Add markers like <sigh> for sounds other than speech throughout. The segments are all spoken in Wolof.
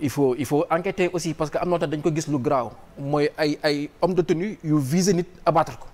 il faut il faut enquêter aussi parce que am na tax dañ ko gis lu graaw mooy ay ay homme de tenue yu visé nit abattre ko.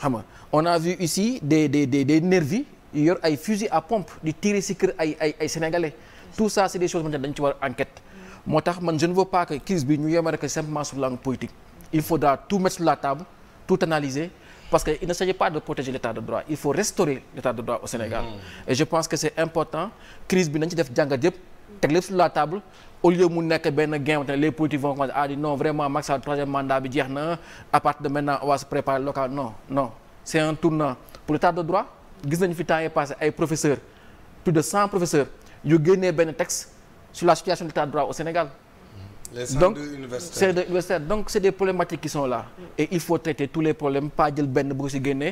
xam nga on a vu ici des des des des yu yor ay fusil à pompe di tirer si kër ay ay tout ça c' est des man dañ ci war enquête. moo tax man je ne veux pas que crise bi ñu yemale que simplement sur langue politique il faudra tout mettre sur la table tout analyser parce que il ne s'agit pas de protéger l'état de droit il faut restaurer mmh. pense que c' est important bi nañ ci def jàngat yëpp. teg lépp sur la table au lieu mu nekk benn gain les politiques vont commencer à ah, dire non vraiment Macky troisième mandat bi jeex na à de maintenant on va se préparer local non non c'est un tournant pour l'état de droit gis nañu fi temps yii passé ay professeurs plus de cent professeurs yu génnee benn texte sur la situation de l'état de droit au Sénégal donc c'est des universitaires qui sont là et il faut traiter tous les problèmes pas jël benn bu ko ci mhm.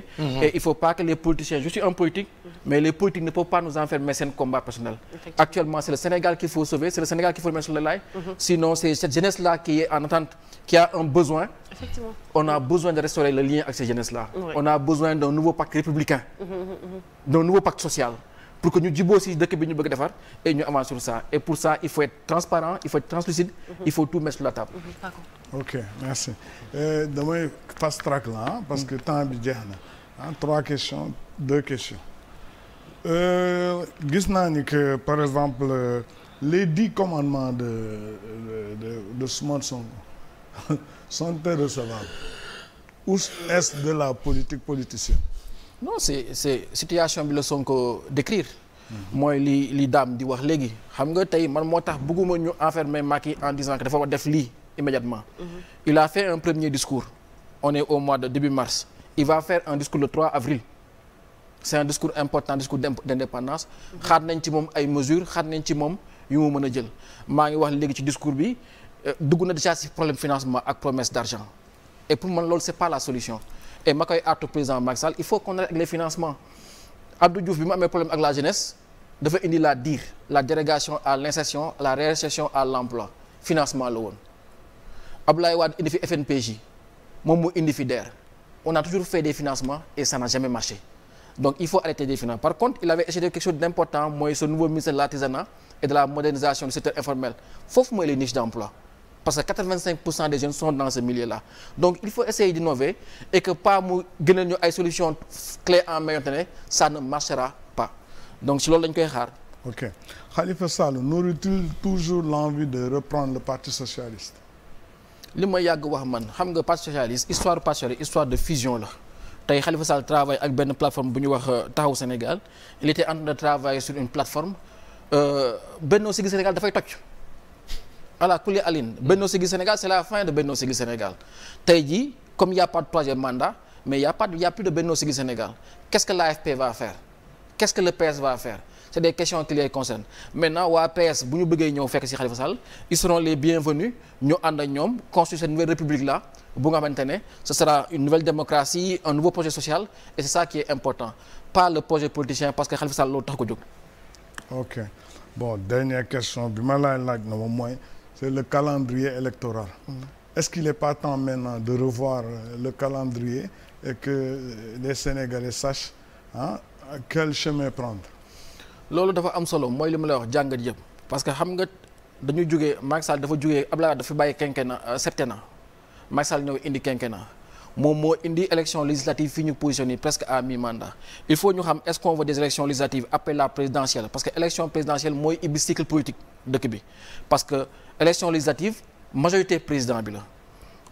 et il faut pas que les politiciens je suis un politique mais les politiques ne pas nous enfermer seen combat personnel actuellement c'est le Sénégal qu'il faut sauver c'est le Sénégal qu'il faut mettre sur le rail mhm. sinon c'est cette jeunesse là qui est en attente qui a un besoin on a besoin de restaurer le lien avec ces jeunesses là on a besoin d'un pour que ñu juboo si dëkk bi ñu bëgg defar et ñu avance sur ça et pour ça il faut être transparent il faut être translucide mhm. il faut tout mettre sur la table mhm, ok merci euh, damay fast la parce que temps bi jeex na ah trois questions deux questions euh, gis naa ni que par exemple les dix commandements de de de Ousmane Sonko <laughs> sont irrecevables où de la politique politicienne non c'est c'est situation bi la Sonko décrire mooy li li daam di wax léegi xam nga tey man moo tax bëgguma ñu enfermer Macky en disant que dafa war def lii immédiatement mhm. il a fait un premier discours on est au mois de début mars il va faire un discours le 3 avril c'est un discours important discours d'indépendance mhm. xaar nañ ci moom ay mesures xaar nañ ci moom yu mu mën a jël maa ngi wax léegi ci discours bi euh, dugg na déjà ci problème financement ak promesse d'argent et pour man loolu la solution et ma koy artu président Macky Sall il faut qu'on arrête les financements Abdou Diouf bi mu amee problème ak la jeunesse dafa indi la DIR la dérogation à l'insertion la réinsertion à l'emploi financement la woon Abdoulaye Wade indi fi FNPJ moom mu indi fi DER on a toujours fait des financements et ça n'a jamais marché donc il faut arrêter des finances par contre il avait échoué quelque chose d'important mooy ce nouveau ministère de et de parce que 85 pour cent des jeunes sont dans ce milieu là donc il faut essayer d'innover et que pas mu gënal ñu ay solution clé en main ne ça ne marchera pas donc si loolu lañ koy xaar. ok Khalifa Sall nourrit-il toujours l'envie de reprendre le parti socialiste. li ma yàgg wax man xam nga parti socialiste histoire parti socialiste histoire de fusion la tey Khalifa Sall travaille ak benn plateforme bu ñu wax euh, Taxawu Sénégal il était en train de travailler sur une plateforme euh, Benno Siggil Sénégal dafay toj. ala kulli aline Benno Siggil Sénégal c'est la fin de Benno Siggil Sénégal tey jii comme y a pas de troisième mandat mais y a pas de, Benno Siggil Sénégal qu'est-ce que l'AFP va faire qu'est-ce que le PS va faire c'est des questions qui les concernent maintenant waa PS bu ñu bëggee ñëw fekk ci Khalifa ils seront les bienvenus ñu ànd ak ñoom construire cette nouvelle république là bu nga xamante ne ce sera une nouvelle démocratie un nouveau projet social parce que Khalifa Sall loolu tax ko jóg ok bon question bi ma laay laaj mooy c'est le calendrier électoral. Mmh. Est-ce qu'il n'est pas temps maintenant de revoir euh, le calendrier et que les Sénégalais sachent ah quel chemin prendre. loolu dafa am solo mooy li ma lay wax jàngat yëpp parce que xam nga dañu jógee Macky Sall dafa jógee Abdoulaye dafa bàyyi quinquennat euh, septennat Macky Sall ñëw indi quinquennat moom moo indi élection législative fii ñu positionné presque à mi-mandat il faut ñu xam est-ce qu'on veut des élections législatives après la présidentielle parce que élection présidentielle mooy ibbi cycle politique dëkk bi parce que. élection législative majorité président bi la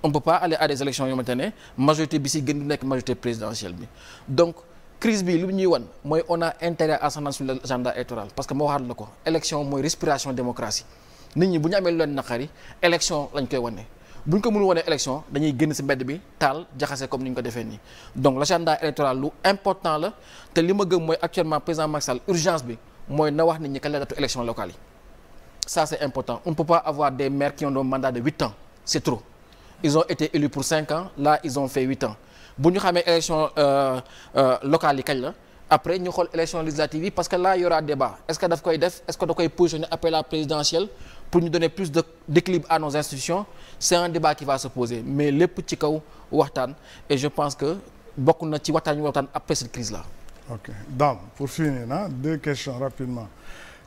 on peut pas aller à des élections yoo ne majorité bi si gën di nekk majorité présidentielle bi donc crise bi lu ñuy wan mooy on a intérêt à s'en sur l'agenda électoral parce que moo waxaat la ko élection mooy respiration démocratie nit ñi bu ñu amee lu leen naqari élection lañ koy wane bu ñu ko mënul wane élection dañuy génn si mbedd bi taal jaxase comme ni ñu ko defee nii donc l'agenda électoral lu important la te li ma gëm mooy actuellement président Macky Sall urgence bi mooy na wax nit ñi yi ça c'est important on ne peut pas avoir des maires qui ont un mandat de huit ans c'est trop ils ont été élus pour cinq ans là ils ont fait huit ans bu ñu xamee élection euh, euh, locale yi kañ la après ñu xool élection législative yi parce que là y aura débat est-ce que daf koy def est-ce que da koy positionner après la présidentielle pour ñu donner plus de d'équilibre à nos institutions c'est un débat qui va se poser mais lépp ci kaw waxtaan et je pense que bokk na ci waxtaan ñu waxtaan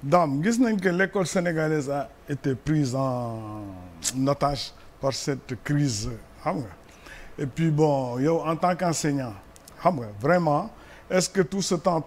Dame gis nañ que l'école sénégalaise a été prise en otage par cette crise xam nga et puis bon yow en tant qu'enseignant xam nga vraiment est-ce que tout ce temps